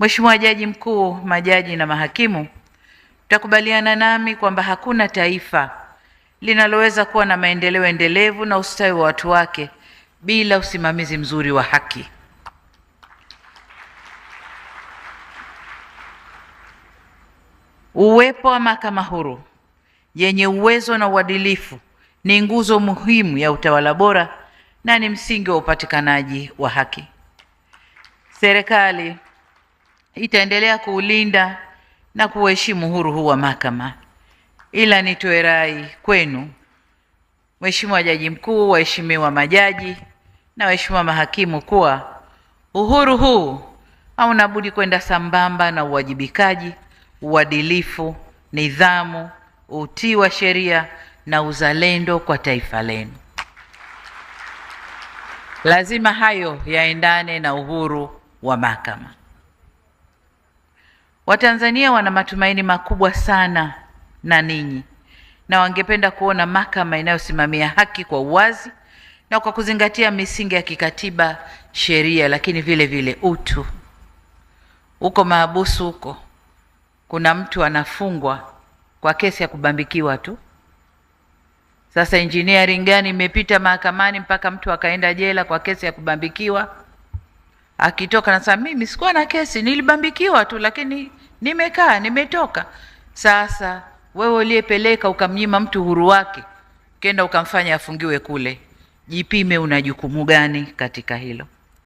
Mheshimiwa Jaji Mkuu, majaji na mahakimu, mtakubaliana nami kwamba hakuna taifa linaloweza kuwa na maendeleo endelevu na ustawi wa watu wake bila usimamizi mzuri wa haki. Uwepo wa mahakama huru yenye uwezo na uadilifu ni nguzo muhimu ya utawala bora na ni msingi wa upatikanaji wa haki. Serikali itaendelea kuulinda na kuheshimu uhuru huu wa mahakama, ila nitoe rai kwenu, Mheshimiwa Jaji Mkuu, waheshimiwa majaji na waheshimiwa mahakimu, kuwa uhuru huu hauna budi kwenda sambamba na uwajibikaji, uadilifu, nidhamu, utii wa sheria na uzalendo kwa taifa lenu. Lazima hayo yaendane na uhuru wa mahakama. Watanzania wana matumaini makubwa sana na ninyi na wangependa kuona mahakama inayosimamia haki kwa uwazi na kwa kuzingatia misingi ya kikatiba, sheria, lakini vile vile utu. Huko mahabusu huko kuna mtu anafungwa kwa kesi ya kubambikiwa tu. Sasa engineering gani imepita mahakamani mpaka mtu akaenda jela kwa kesi ya kubambikiwa? Akitoka nasema mimi sikuwa na kesi, nilibambikiwa tu, lakini nimekaa nimetoka. Sasa wewe uliyepeleka ukamnyima mtu uhuru wake, kenda ukamfanya afungiwe kule, jipime, una jukumu gani katika hilo?